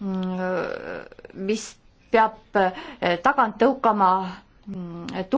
Mm, mis peab eh, tagant tõukama mm,